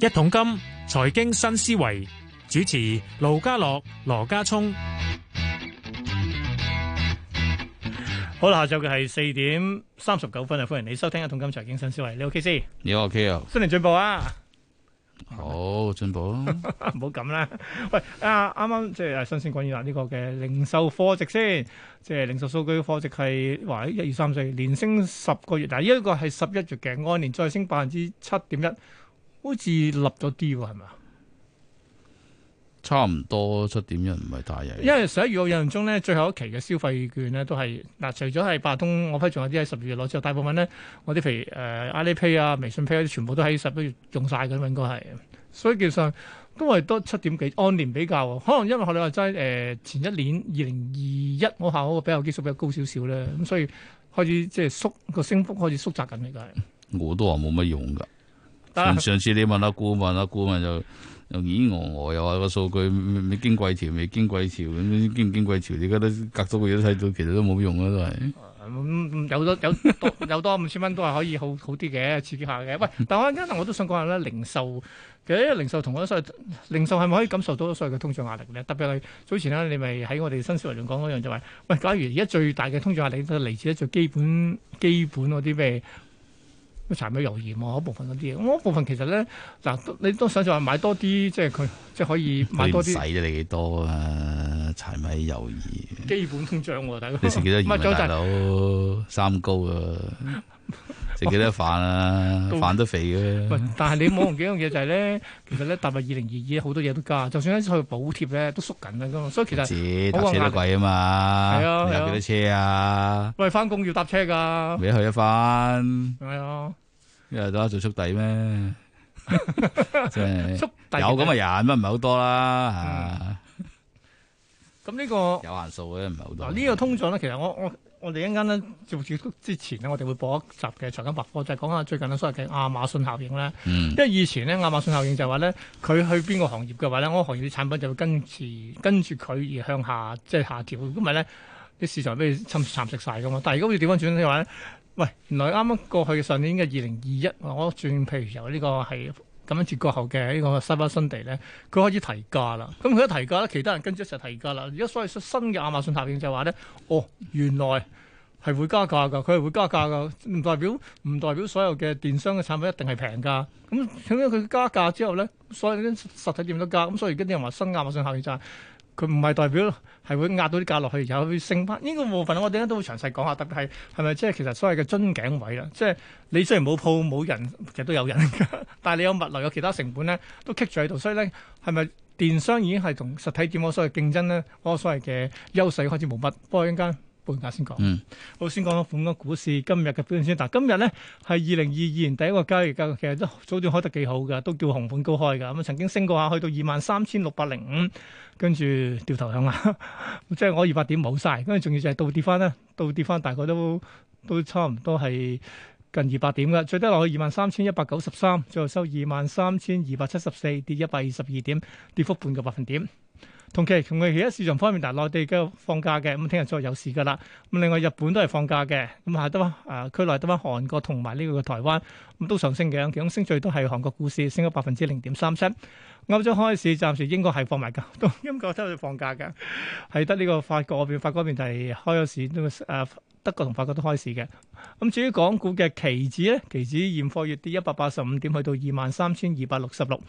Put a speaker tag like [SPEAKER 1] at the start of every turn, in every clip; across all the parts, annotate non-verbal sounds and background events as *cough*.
[SPEAKER 1] 一桶金財經新思維主持盧家樂、羅家聰，好啦，下晝嘅係四點三十九分啊！歡迎你收聽一《一桶金財經新思維》，你 OK 先？
[SPEAKER 2] 你好 K 啊！K 新年進步啊！好進、oh, 步，
[SPEAKER 1] 唔好咁啦。喂，啊，啱啱即係新鮮講以啦。呢個嘅零售貨值先，即係零售數據貨值係話一、二、三、四，連升十個月。嗱，呢一個係十一月嘅按年再升百分之七點一。好似立咗啲喎，係咪啊？
[SPEAKER 2] 差唔多七點一唔係太因
[SPEAKER 1] 為十一月我印象中咧，最後一期嘅消費券咧都係嗱、呃，除咗係八達通，我批仲有啲喺十二月攞，之後大部分咧，我啲譬如誒、呃、阿里 pay 啊、微信 pay、啊、全部都喺十一月用晒㗎，應該係。所以其實都係多七點幾，按年比較可能因為我哋話齋誒，前一年二零二一，我下嗰個比較基數比較高少少咧，咁、嗯、所以開始即係縮、個升幅開始縮窄緊嚟噶。
[SPEAKER 2] 我都話冇乜用噶。上次你問阿顧問，阿顧問就又耳我，又話個數據未經季調未經季調，經唔經季調？你覺得隔咗個月睇到，其實都冇用啦，都係、
[SPEAKER 1] 嗯。有多有有多五千蚊都係可以好好啲嘅，刺激下嘅。喂，但係我一我都想講下咧，零售其實零售同嗰啲所零售係咪可以感受到所謂嘅通脹壓力咧？特別係早前呢，你咪喺我哋新書聞章講嗰樣就係、是，喂，假如而家最大嘅通脹壓力都嚟自一最基本基本嗰啲咩？柴米油鹽啊，嗰部分嗰啲嘢，嗰部分其實咧，嗱你都想就係買多啲，即係佢即係可以買多啲。使
[SPEAKER 2] 咗、 *laughs* 啊、你幾多，多啊？柴米油鹽，
[SPEAKER 1] 基本通脹喎、啊，大家。你食幾多油啊，大
[SPEAKER 2] 佬？ *laughs* 三高啊！ *laughs* 食幾多飯啊？飯都肥嘅。
[SPEAKER 1] *laughs* 但係你冇同幾樣嘢就係、是、咧，其實咧，踏入二零二二好多嘢都加，就算喺去補貼咧，都縮緊啊咁啊。所以其實，搭車都貴
[SPEAKER 2] 啊嘛。係啊，啊有幾多車啊？
[SPEAKER 1] 喂，翻工要搭車噶。
[SPEAKER 2] 你去一翻。係啊，一日到黑做速遞咩？即係速遞有咁嘅人，人，乜唔係好多啦？
[SPEAKER 1] 咁呢個
[SPEAKER 2] 有限數嘅，唔係好多。呢個
[SPEAKER 1] 通脹咧，其實我我。我我哋一陣間咧做節目之前咧，我哋會播一集嘅財經百科，就係、是、講下最近所謂嘅亞馬遜效應咧。因為以前咧亞馬遜效應就係話咧，佢去邊個行業嘅話咧，嗰行業啲產品就會跟住跟住佢而向下即係、就是、下調。咁為咧啲市場俾佢侵蠶食晒嘅嘛。但係而家好似調翻轉咧話咧，喂，原來啱啱過去嘅上年嘅二零二一，我轉譬如由呢個係。咁樣截割後嘅呢個西巴新地咧，佢開始提價啦。咁佢一提價咧，其他人跟住一齊提價啦。而家所謂新嘅亞馬遜效應就係話咧，哦，原來係會加價噶，佢係會加價噶，唔代表唔代表所有嘅電商嘅產品一定係平價。咁咁樣佢加價之後咧，所有啲實體店都加，咁所以而家啲人話新亞馬遜效應就係。佢唔係代表係會壓到啲價落去，有去升翻呢個部分，我哋咧都會詳細講下，特別係係咪即係其實所謂嘅樽頸位啦，即係你雖然冇鋪冇人，其實都有人，但係你有物流有其他成本咧都棘住喺度，所以咧係咪電商已經係同實體店嗰所謂競爭咧，嗰所謂嘅優勢開始冇乜？不過陣間。半價先講。嗯，好先講下本個股市今日嘅表現先。嗱，今日咧係二零二二年第一個交易日，其實都早段開得幾好㗎，都叫紅盤高開㗎。咁曾經升過下去到二萬三千六百零五，跟住掉頭向下， *laughs* 即係我二百點冇晒。跟住仲要就係倒跌翻咧，倒跌翻大概都都差唔多係近二百點㗎。最低落去二萬三千一百九十三，最後收二萬三千二百七十四，跌一百二十二點，跌幅半個百分點。同期同佢其他市場方面，嗱，內地都放假嘅，咁聽日再有事噶啦。咁另外日本都係放假嘅，咁下得啊？區內得返韓國同埋呢個台灣，咁都上升嘅。咁升最多係韓國股市升咗百分之零點三七。歐洲開市暫時，英國係放埋假，都英國都喺度放假嘅，係得呢個法國嗰邊，法國邊就係開咗市都啊。呃德國同法國都開始嘅，咁至於港股嘅期指咧，期指現貨月跌一百八十五點，去到二萬三千二百六十六，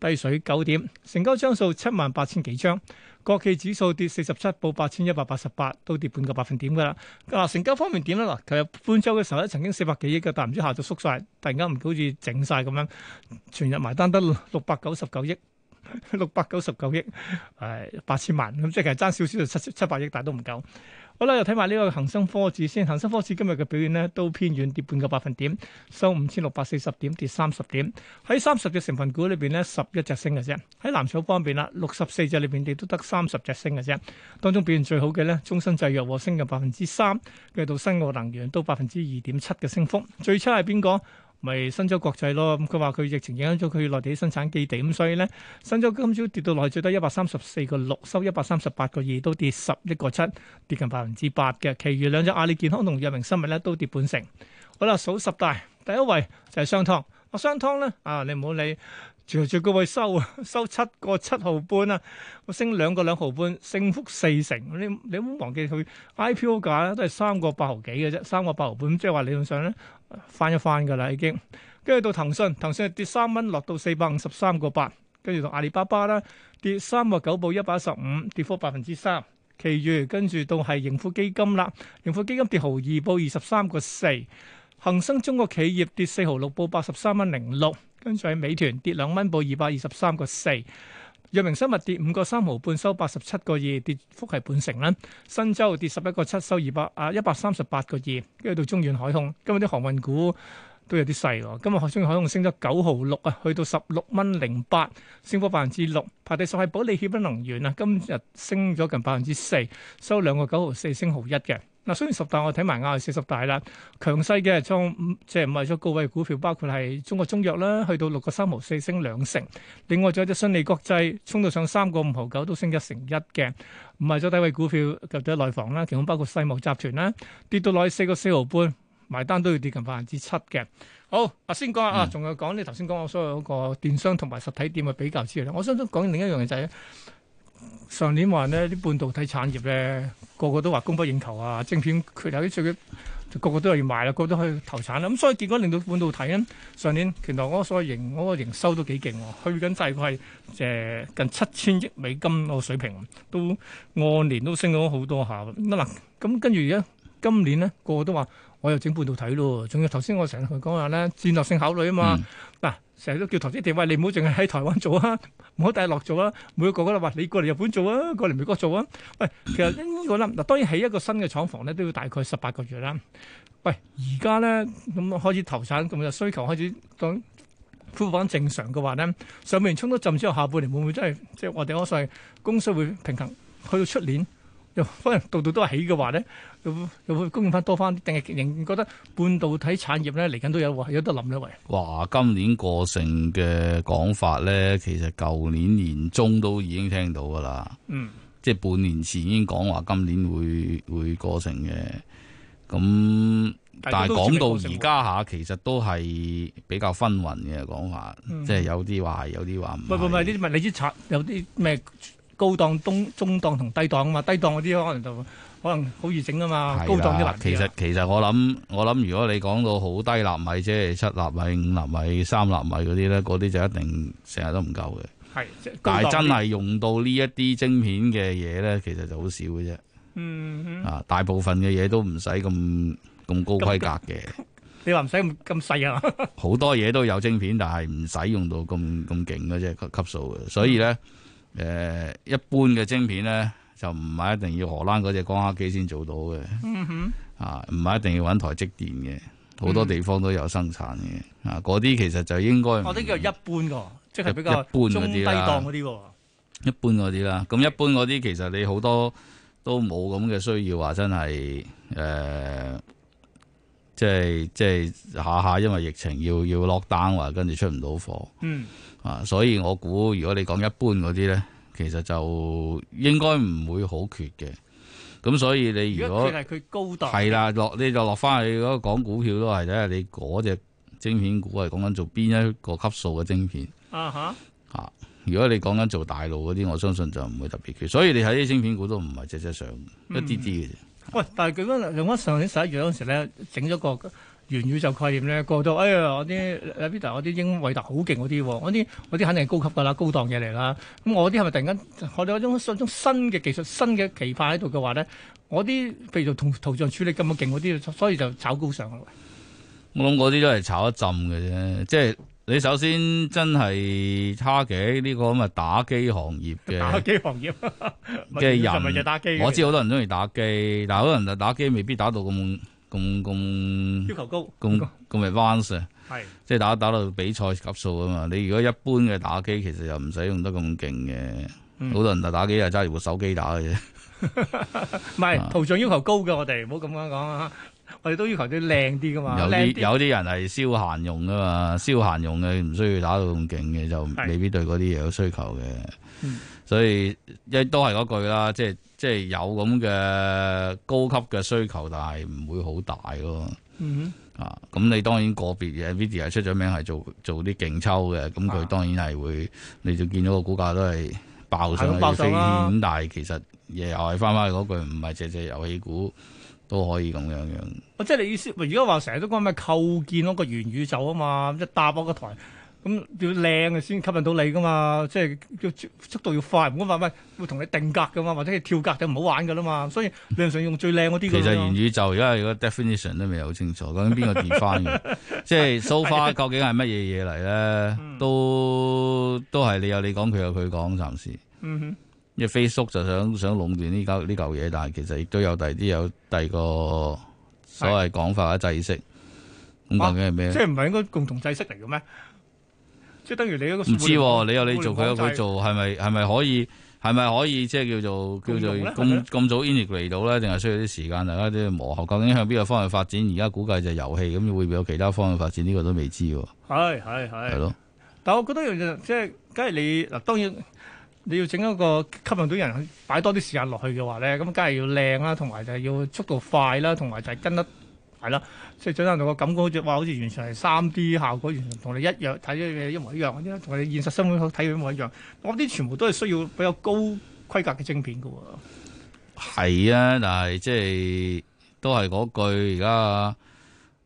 [SPEAKER 1] 低水九點，成交張數七萬八千幾張，國企指數跌四十七，報八千一百八十八，都跌半個百分點噶啦。嗱，成交方面點咧？嗱，今日半周嘅時候咧，曾經四百幾億嘅，但唔知下晝縮晒，突然間唔見好似整晒咁樣，全日埋單得六百九十九億，六百九十九億，誒八千萬，咁即係爭少少就七七百億，但都唔夠。好啦，又睇埋呢個恒生科指先，恒生科指今日嘅表現咧都偏軟，跌半個百分點，收五千六百四十點，跌三十點。喺三十隻成分股裏邊咧，十一隻升嘅啫。喺藍籌方面啦，六十四隻裏邊亦都得三十隻升嘅啫。當中表現最好嘅咧，中生製藥升嘅百分之三，跟到新奧能源都百分之二點七嘅升幅。最差係邊個？咪新洲國際咯，咁佢話佢疫情影響咗佢內地生產基地，咁所以咧，新洲今朝跌到內最低一百三十四個六，收一百三十八個二，都跌十一個七，跌近百分之八嘅。其餘兩隻阿里健康同藥明生物咧都跌半成。好啦，數十大，第一位就係商湯，阿商湯咧啊，你唔好理。除住嗰位收收七個七毫半啦，我升兩個兩毫半，升幅四成。你你唔好忘記佢 IPO 價咧都係三個八毫幾嘅啫，三個八毫半，即係話理論上咧翻一翻嘅啦已經。跟住到騰訊，騰訊係跌三蚊落到四百五十三個八。跟住同阿里巴巴啦，跌三個九，報一百一十五，跌幅百分之三。其餘跟住到係盈富基金啦，盈富基金跌毫二報二十三個四。恆生中國企業跌四毫六報八十三蚊零六。跟住喺美團跌兩蚊，報二百二十三個四。藥明生物跌五個三毫半，收八十七個二，跌幅係半成啦。新洲跌十一個七，收二百啊一百三十八個二。跟住到中遠海控，今日啲航運股都有啲細喎。今日海中遠海控升咗九毫六啊，去到十六蚊零八，升幅百分之六。排第十係保利協鑫能源啊，今日升咗近百分之四，收兩個九毫四，升毫一嘅。嗱，雖然十大我睇埋亞太四十大啦，強勢嘅就即係賣咗高位股票，包括係中國中藥啦，去到六個三毫四升兩成；另外仲有隻信利國際，衝到上三個五毫九都升一成一嘅；賣咗低位股票及咗內房啦，其中包括世茂集團啦，跌到落去四個四毫半，埋單都要跌近百分之七嘅。好，啊先講啊，仲有講你頭先講我所有嗰個電商同埋實體店嘅比較之餘咧，我想講另一樣嘢就係。上年話呢啲半導體產業咧，個個都話供不應求啊，晶片缺啊啲最個個都係要買啦，個個都去、啊、投產啦、啊。咁所以結果令到半導體咧，上年拳頭哥所營嗰個營收都幾勁、啊，去緊滯係誒近七千億美金個水平，都按年都升咗好多下。咁嗱咁跟住而家今年呢個個都話我又整半導體咯。仲要頭先我成日同佢講話咧戰略性考慮啊嘛。嗱、嗯，成日都叫投資點喂，你唔好淨係喺台灣做啊。唔好第落做啦，每個都話你過嚟日本做啊，過嚟美國做啊。喂，其實呢個咧，嗱當然起一個新嘅廠房咧，都要大概十八個月啦。喂，而家咧咁開始投產，咁就需求開始返正常嘅話咧，上半年衝多浸之後，下半年會唔會真係即係我哋所謂供需會平衡去到出年？又可能度度都係起嘅話咧，又又會供應返多返，定係仍覺得半導體產業咧嚟緊都有有得諗咧？喂！
[SPEAKER 2] 哇！今年過剩嘅講法咧，其實舊年年中都已經聽到㗎喇，嗯，即係半年前已經講話今年會會過剩嘅，咁但係講、嗯、到而家吓，嗯、其實都係比較紛紜嘅講法，即係有啲話，有啲話唔，唔唔唔，呢啲咪你啲拆有
[SPEAKER 1] 啲咩？高檔、中中檔同低檔啊嘛，低檔嗰啲可能就可能好易整啊嘛，的高檔啲難啲。其實
[SPEAKER 2] 其實我諗我諗，如果你講到好低納米，即係七納米、五納米、三納米嗰啲咧，嗰啲就一定成日都唔夠嘅。係，但係真係用到呢一啲晶片嘅嘢咧，其實就好少嘅啫。嗯哼，啊，大部分嘅嘢都唔使咁咁高規格嘅。
[SPEAKER 1] *laughs* 你話唔使咁咁細啊？
[SPEAKER 2] 好 *laughs* 多嘢都有晶片，但係唔使用到咁咁勁嘅啫級數嘅，所以咧。嗯誒一般嘅晶片咧，就唔係一定要荷蘭嗰隻光刻機先做到嘅。嗯、哼啊，唔係一定要揾台積電嘅，好多地方都有生產嘅。嗯、啊，嗰啲其實就應該我
[SPEAKER 1] 啲、啊、叫一般嘅，即係比較中
[SPEAKER 2] 低檔嗰啲、啊。一般嗰啲啦，咁一般嗰啲其實你好多都冇咁嘅需要話，真係誒，即係即係下下因為疫情要要 lock down 話，跟住出唔到貨。啊，所以我估如果你講一般嗰啲咧。其實就應該唔會好缺嘅，咁所以你如果佢係佢
[SPEAKER 1] 高代係啦，
[SPEAKER 2] 落你就落翻去嗰，講股票都係咧，你嗰隻晶片股係講緊做邊一個級數嘅晶片啊吓哈吓，如果你講緊做大路嗰啲，我相信就唔會特別缺，所以你睇啲晶片股都唔係只隻上、嗯、一啲啲嘅。啫、
[SPEAKER 1] 嗯。喂，但係佢用咗上年十一月嗰時咧，整咗個。原宇宙概念咧，過到，哎呀我啲拉比達，我啲英偉達好勁嗰啲，我啲我啲肯定係高級㗎啦，高檔嘢嚟啦。咁我啲係咪突然間學到一種新嘅技術、新嘅奇法喺度嘅話咧？我啲譬如就圖像處理咁勁嗰啲，所以就炒高上咯。
[SPEAKER 2] 我諗嗰啲都係炒一浸嘅啫，即係你首先真係差嘅呢個咁啊打機行業嘅打機
[SPEAKER 1] 行業嘅人， *laughs* 打機我知
[SPEAKER 2] 好多人中意打機，但係可能就打機未必打到咁。咁咁要求高，咁咁咪彎嘅，advanced, 是即係打打到比賽級數啊嘛！你如果一般嘅打機，其實又唔使用得咁勁嘅，好、嗯、多人就打機啊，揸住部手機打嘅。啫。唔係，圖像要求高
[SPEAKER 1] 嘅，我哋唔好咁樣講啊！我哋都要求啲靚啲㗎嘛。
[SPEAKER 2] 有啲些人係消閒用㗎嘛，消閒用嘅唔需要打到咁勁嘅，就未必對嗰啲嘢有需求嘅。嗯、所以都一都係嗰句啦，即、就、係、是。就是即係有咁嘅高級嘅需求，但係唔會好大咯。嗯哼、
[SPEAKER 1] mm，hmm.
[SPEAKER 2] 啊，咁你當然個別嘅 NVIDIA 出咗名係做做啲勁抽嘅，咁佢當然係會，啊、你就見到個股價都係爆上去飛天。咁但係其實又係翻翻嗰句遊戲，唔係只隻遊戲股都可以咁樣樣。
[SPEAKER 1] 啊、即係你意思，如果話成日都講咩構建嗰個元宇宙啊嘛，即係搭嗰個台。咁要靚嘅先吸引到你噶嘛，即係叫速度要快，唔好話唔會同你定格噶嘛，或者跳格就唔好玩噶啦嘛。所以量上用最靚嗰啲。其實元
[SPEAKER 2] 宇宙，因為如果 definition 都未好清楚，究竟邊個 define 嘅， *laughs* 即係 so far *laughs* 究竟係乜嘢嘢嚟咧？都都係你有你講，佢有佢講，暫時。嗯、哼因為 Facebook 就想想壟斷呢呢嚿嘢，但係其實亦都有第二啲有第二個所謂講法嘅制式。咁的究竟係咩？啊、即係唔
[SPEAKER 1] 係應該共同制式嚟嘅咩？即係等於你嗰個唔知，啊，你有你做，佢有佢做，
[SPEAKER 2] 係咪係咪可以？係咪可以即係叫做叫做咁咁早 integrate 到咧？定係需要啲時間，大家都磨合，究竟向邊個方向發展？而家估計就係遊戲，咁會唔會有其他方向發展？呢個都未知喎。
[SPEAKER 1] 係係係。係咯，但我覺得一樣即係，梗係你嗱，當然你要整一個吸引到人，擺多啲時間落去嘅話咧，咁梗係要靚啦，同埋就係要速度快啦，同埋就係跟得。係啦，即係想象到個感覺，好似哇，好似完全係三 D 效果，完全同你一樣睇嘅嘢一模一樣嗰啲啦，同你現實生活睇嘅一模一樣。我啲全部都係需要比較高規格嘅晶片噶。
[SPEAKER 2] 係啊，但係即係都係嗰句，而家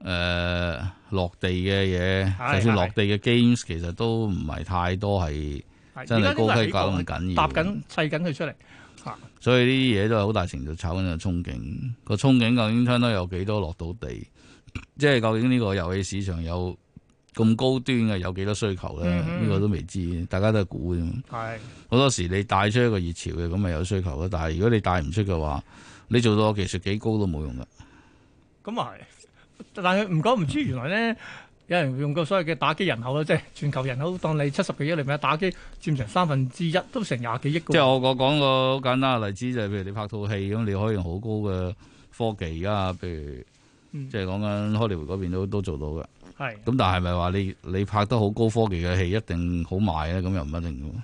[SPEAKER 2] 誒落地嘅嘢，就算落地嘅 games，其實都唔係太多係真係高規格咁緊要，搭緊、
[SPEAKER 1] 砌緊佢出嚟。
[SPEAKER 2] 啊、所以呢啲嘢都係好大程度炒緊個憧憬，個憧憬究竟相當有幾多落到地，即係究竟呢個遊戲市場有咁高端嘅有幾多需求咧？呢、嗯、哼個都未知，大家都係估嘅。係好的多時你帶出一個熱潮嘅，咁、就、咪、是、有需求嘅。但係如果你帶唔出嘅話，你做到技術幾高都冇用噶。
[SPEAKER 1] 咁啊、嗯嗯嗯、但係唔講唔知，原來咧。有人用過所謂嘅打機人口咯，即係、vale、全球人口當你七十幾億嚟咪，打機佔成三分之一，2，都成廿幾億個。即係我
[SPEAKER 2] 我講個好簡單嘅例子就係、是，譬如你拍套戲咁，你可以用好高嘅科技而家，譬如即係講緊荷里活嗰邊都都做到嘅。係。咁但係咪話你你拍得好高科技嘅戲一定好賣咧？咁又唔一定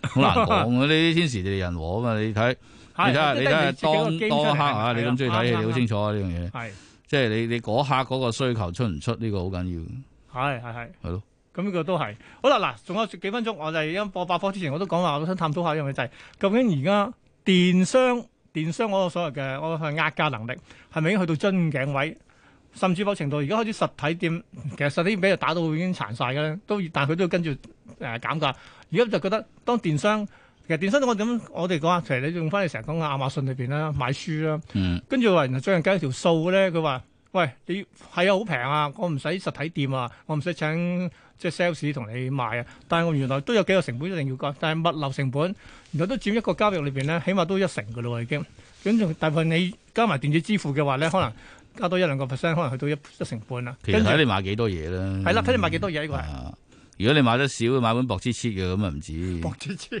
[SPEAKER 2] 嘅。好難講嘅，呢啲天時地利人和啊嘛！你睇， *laughs* 你睇下你睇下當當黑啊！你咁中意睇嘢，你好清楚啊呢樣嘢。係。う即係你，你嗰刻嗰個需求出唔出呢個好緊要。係係係係咯，
[SPEAKER 1] 咁呢個都係好啦。嗱，仲有幾分鐘，我就係因播百科之前，我都講話，我想探討下一樣嘢就係究竟而家電商電商嗰個所謂嘅，我係壓價能力係咪已經去到樽頸位，甚至某程度而家開始實體店，其實實體店俾佢打到已經殘晒嘅咧，都但係佢都要跟住誒減價。而家就覺得當電商。其實電商我點？我哋講下。其實你用翻你成日講嘅亞馬遜裏邊啦，買書啦，嗯、跟住話原來最近加咗條數咧，佢話：喂，你係啊，好平啊！我唔使實體店啊，我唔使請即係 sales 同你賣啊。但係我原來都有幾個成本一定要講，但係物流成本，原來都佔一個交易裏邊咧，起碼都一成嘅咯喎已經。跟住大部分你加埋電子支付嘅話咧，可能加多一兩個 percent，可能去到一一成半啦。其實睇你
[SPEAKER 2] 買幾多嘢啦。係啦著，睇
[SPEAKER 1] 你買幾多嘢呢個係。
[SPEAKER 2] 如果你買得少，買本薄支切嘅咁啊唔止。薄支切。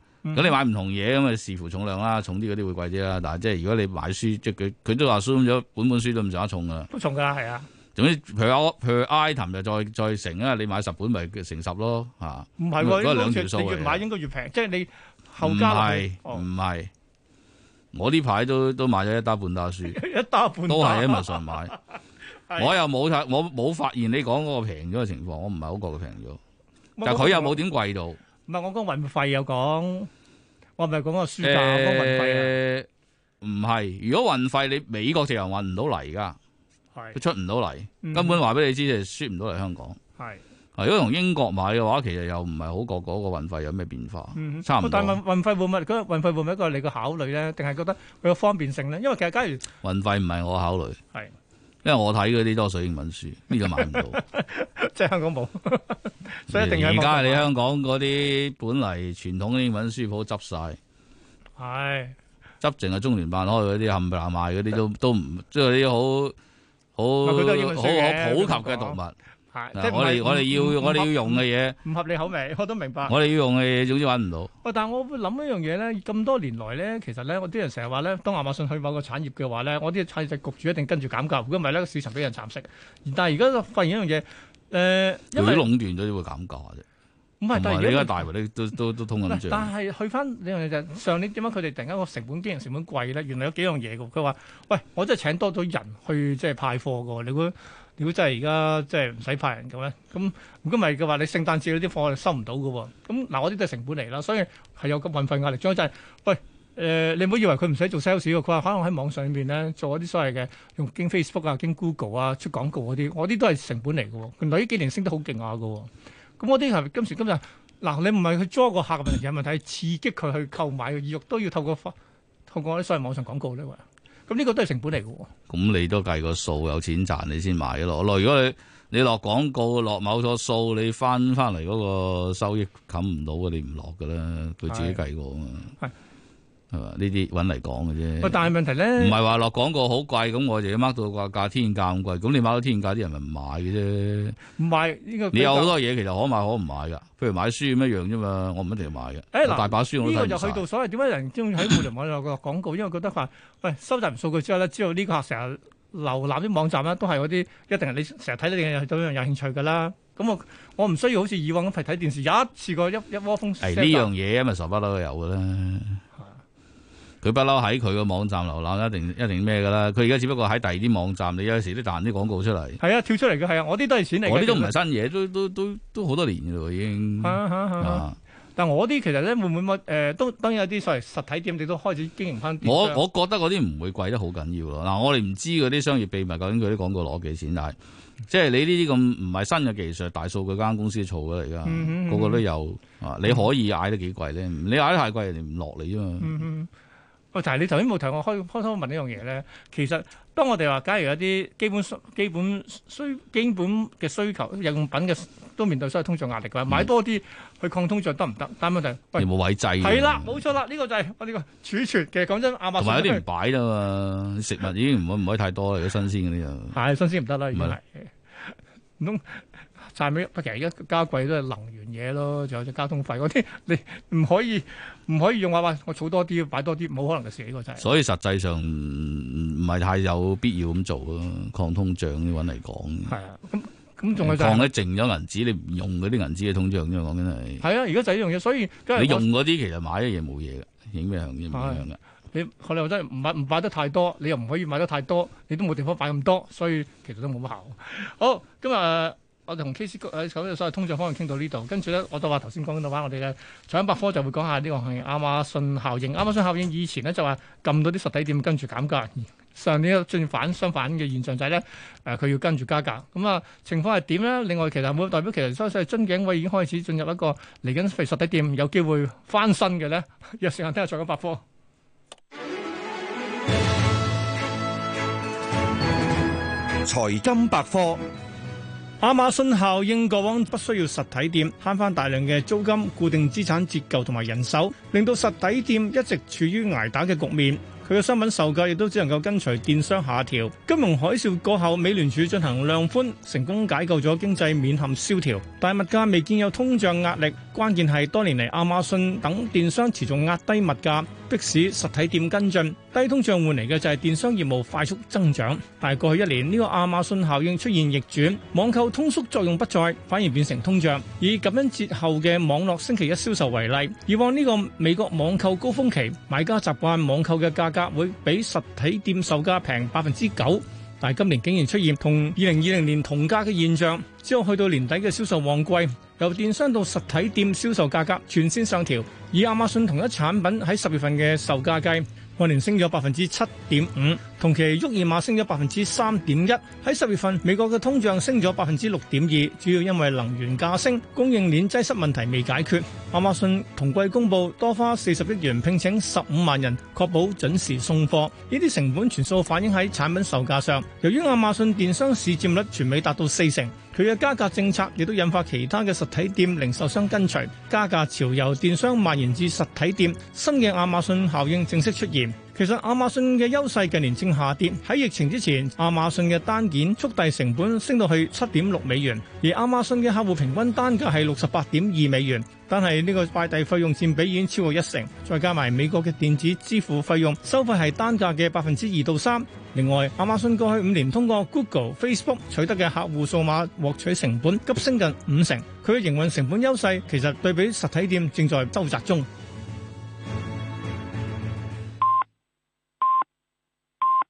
[SPEAKER 1] 咁你買
[SPEAKER 2] 唔同嘢咁啊，視乎重量啦，重啲嗰啲會貴啲啦。但係即係如果你買書，即係佢佢都話收咗本本書都唔想一重噶，都重噶係啊。總之，譬如我譬如 item 就再再乘啊，你買十本咪乘十咯吓。唔係，應該兩條數，你越買
[SPEAKER 1] 應該越平。即係你後加唔係
[SPEAKER 2] 唔係？我呢排都都買咗一打半打書，一打半都係喺網上買，我又冇睇，我冇發現你講嗰個平咗嘅情況，我唔係好覺佢平咗，
[SPEAKER 1] 但佢又冇
[SPEAKER 2] 點貴到。
[SPEAKER 1] 唔係我講運費有講，我係咪講個輸價？我講
[SPEAKER 2] 運費啊，唔係、呃。如果運費你美國就又運唔到嚟噶，係佢是出唔到嚟，嗯、哼根本話俾你知就輸唔到嚟香港。係是。如果同英國買嘅話，其實又唔係好過，嗰個運費有咩變化？嗯、哼差唔多。但運
[SPEAKER 1] 運費會唔會？嗰個運費會唔會一個你嘅考慮咧？定係覺得佢嘅方便性咧？因為其實假如
[SPEAKER 2] 運費唔係我考慮，係。因為我睇嗰啲多數英文書，呢個買唔到，
[SPEAKER 1] *laughs* 即係香港冇， *laughs* 所以一定而家
[SPEAKER 2] 你香港嗰啲本嚟傳統嘅英文書鋪執晒，係執淨係中聯辦開嗰啲冚唪唥賣嗰啲都都唔即係啲好好好好普及嘅讀物。係，即係我哋們、嗯、我哋要不我哋要用嘅嘢，
[SPEAKER 1] 唔合你口味，我都明白。我哋要
[SPEAKER 2] 用嘅嘢，總之搵唔到。
[SPEAKER 1] 喂、嗯，但係我會諗一樣嘢咧，咁多年來咧，其實咧，我啲人成日話咧，當亞馬遜去某個產業嘅話咧，我啲產業焗住一定跟住減價，如果唔係呢，個市場俾人蠶食。但係而家發現一樣嘢，誒、呃，因為壟
[SPEAKER 2] 斷咗先會減價啫。咁係，但係而家大喎，都都都通緊脹。但
[SPEAKER 1] 係去翻另一樣嘢，就上年點解佢哋突然間個成本經營成本貴咧？原來有幾樣嘢嘅。佢話：喂，我真係請多咗人去即係派貨嘅。你估，如果真係而家即係唔使派人嘅咧，咁如果唔係嘅話，你聖誕節嗰啲貨又收唔到嘅喎。咁嗱、啊，我啲都係成本嚟啦，所以係有個運費壓力。再就係、是、喂，誒、呃，你唔好以為佢唔使做 sales 嘅。佢話可能喺網上面咧做一啲所謂嘅，用經 Facebook 啊，經 Google 啊出廣告嗰啲，我啲都係成本嚟嘅。原來呢幾年升得好勁下嘅。咁嗰啲係今時今日，嗱你唔係去捉個客嘅問題，問題係刺激佢去購買嘅，意欲都要透過發透過啲商業網上廣告咧。咁呢個都係成本嚟嘅。
[SPEAKER 2] 咁你都計個數，有錢賺你先買咯。落如果你你落廣告落某個數，你翻翻嚟嗰個收益冚唔到嘅，你唔落㗎啦。佢自己計過啊嘛。呢啲揾嚟講嘅啫。但
[SPEAKER 1] 係問題咧，唔係話
[SPEAKER 2] 落廣告好貴，咁我就掹到個價天價咁貴，咁你掹到天價啲人咪唔買嘅啫？唔買呢個。你有好多嘢其實可買可唔買㗎，譬如買書咁一樣啫嘛。我唔一定買嘅。誒、哎、大把書呢、哎這個就去到
[SPEAKER 1] 所謂點解人中意喺互聯網落個廣告？ *coughs* 因為覺得話喂收集完數據之後呢，知道呢個客成日瀏覽啲網站咧，都係嗰啲一定係你成日睇呢樣有對呢樣有興趣㗎啦。咁我我唔需要好似以往咁係睇電視一次過一一,一窩蜂。係呢樣
[SPEAKER 2] 嘢，因為傻不拉都有㗎啦。佢不嬲喺佢個網站瀏覽，一定一定咩噶啦？佢而家只不過喺第二啲網站，你有陣時都彈啲廣告出嚟。
[SPEAKER 1] 係啊，跳出嚟嘅。係啊，我啲都係錢嚟。我啲都唔係新
[SPEAKER 2] 嘢，都都都都好多年咯，已經。啊啊啊、
[SPEAKER 1] 但我啲其實咧會唔會乜？誒、呃，都當然有啲所謂實體店，你都開始經營翻。我我
[SPEAKER 2] 覺得嗰啲唔會貴得好緊要咯。嗱，我哋唔知嗰啲商業秘密究竟佢啲廣告攞幾錢，但係即係你呢啲咁唔係新嘅技術，大數據間公司做嘅嚟噶，個個都有啊。你可以嗌得幾貴咧？你嗌得太貴，人哋唔落嚟啊嘛。嗯嗯
[SPEAKER 1] 喂，就係你頭先冇提，我開開頭問呢樣嘢咧。其實當我哋話，假如有啲基本需、基本需、基本嘅需求、日用品嘅都面對所有通脹壓力嘅，買多啲去抗通脹得唔得？但係問題，你
[SPEAKER 2] 冇位擠，啊。係啦，
[SPEAKER 1] 冇錯啦，呢、呢個就係、係、呢、呢個、呢個、儲存。其實講真，亞馬。係有啲唔
[SPEAKER 2] 擺啦嘛， *laughs* 食物已經唔好唔可以太多啦，如、這、果、個、新鮮嗰啲啊。係 *laughs* 新鮮唔得啦，唔係。
[SPEAKER 1] *laughs* 其實而家加貴都係能源嘢咯，仲有啲交通費嗰啲，你唔可以唔可以用話喂，我儲多啲，擺多啲，冇可能嘅事嚟嘅真係。所
[SPEAKER 2] 以實際上唔係太有必要咁做咯，抗通脹呢樣嚟講。
[SPEAKER 1] 係啊，咁咁仲係抗啲
[SPEAKER 2] 剩咗銀紙，你唔用嗰啲銀紙嘅通脹，即係講緊係。係啊，而家就呢樣嘢，所以你用嗰啲其實買嘢冇嘢嘅，影咩樣嘢、啊、
[SPEAKER 1] 你可能話齋，唔買唔買得太多，你又唔可以買得太多，你都冇地方擺咁多，所以其實都冇乜效。好，今日。我哋同 KC 誒講咗所謂通脹方面傾到呢度，跟住咧我都話頭先講到翻我哋嘅財金百科就會講下呢個係亞馬遜效應。亞馬遜效應以前呢，就話撳到啲實體店，跟住減價，上年又進反相反嘅現象就係咧誒佢要跟住加價。咁、嗯、啊、呃、情況係點呢？另外其實冇代表其實所以樽頸位已經開始進入一個嚟緊，譬如實體店有機會翻身嘅呢。有時間聽下財金百科。財金百科。亞馬遜效應過往不需要實體店，慳翻大量嘅租金、固定資產折舊同埋人手，令到實體店一直處於捱打嘅局面。佢嘅商品售價亦都只能夠跟隨電商下調。金融海嘯過後，美聯儲進行量寬，成功解救咗經濟免陷蕭條，但物價未見有通脹壓力。關鍵係多年嚟，亞馬遜等電商持續壓低物價，迫使實體店跟進。低通脹換嚟嘅就係電商業務快速增長。但係過去一年，呢個亞馬遜效應出現逆轉，網購通縮作用不再，反而變成通脹。以感恩節後嘅網絡星期一銷售為例，以往呢個美國網購高峰期，買家習慣網購嘅價格會比實體店售價平百分之九，但係今年竟然出現同二零二零年同價嘅現象，之後去到年底嘅銷售旺季。由電商到實體店銷售價格全線上調，以亞馬遜同一產品喺十月份嘅售價計，按年升咗百分之七點五，同期沃爾瑪升咗百分之三點一。喺十月份，美國嘅通脹升咗百分之六點二，主要因為能源價升、供應鏈擠塞問題未解決。亞馬遜同季公佈多花四十億元聘請十五萬人，確保準時送貨。呢啲成本全數反映喺產品售價上。由於亞馬遜電商市佔率全美達到四成，佢嘅加價政策亦都引發其他嘅實體店零售商跟隨加價潮，由電商蔓延至實體店，新嘅亞馬遜效應正式出現。其實亞馬遜嘅優勢近年正下跌。喺疫情之前，亞馬遜嘅單件速遞成本升到去七點六美元，而亞馬遜嘅客戶平均單價係六十八點二美元。但係呢個快遞費用佔比已經超過一成，再加埋美國嘅電子支付費用，收費係單價嘅百分之二到三。另外，亞馬遜過去五年通過 Google、Facebook 取得嘅客戶數碼獲取成本急升近五成，佢嘅營運成本優勢其實對比實體店正在收窄中。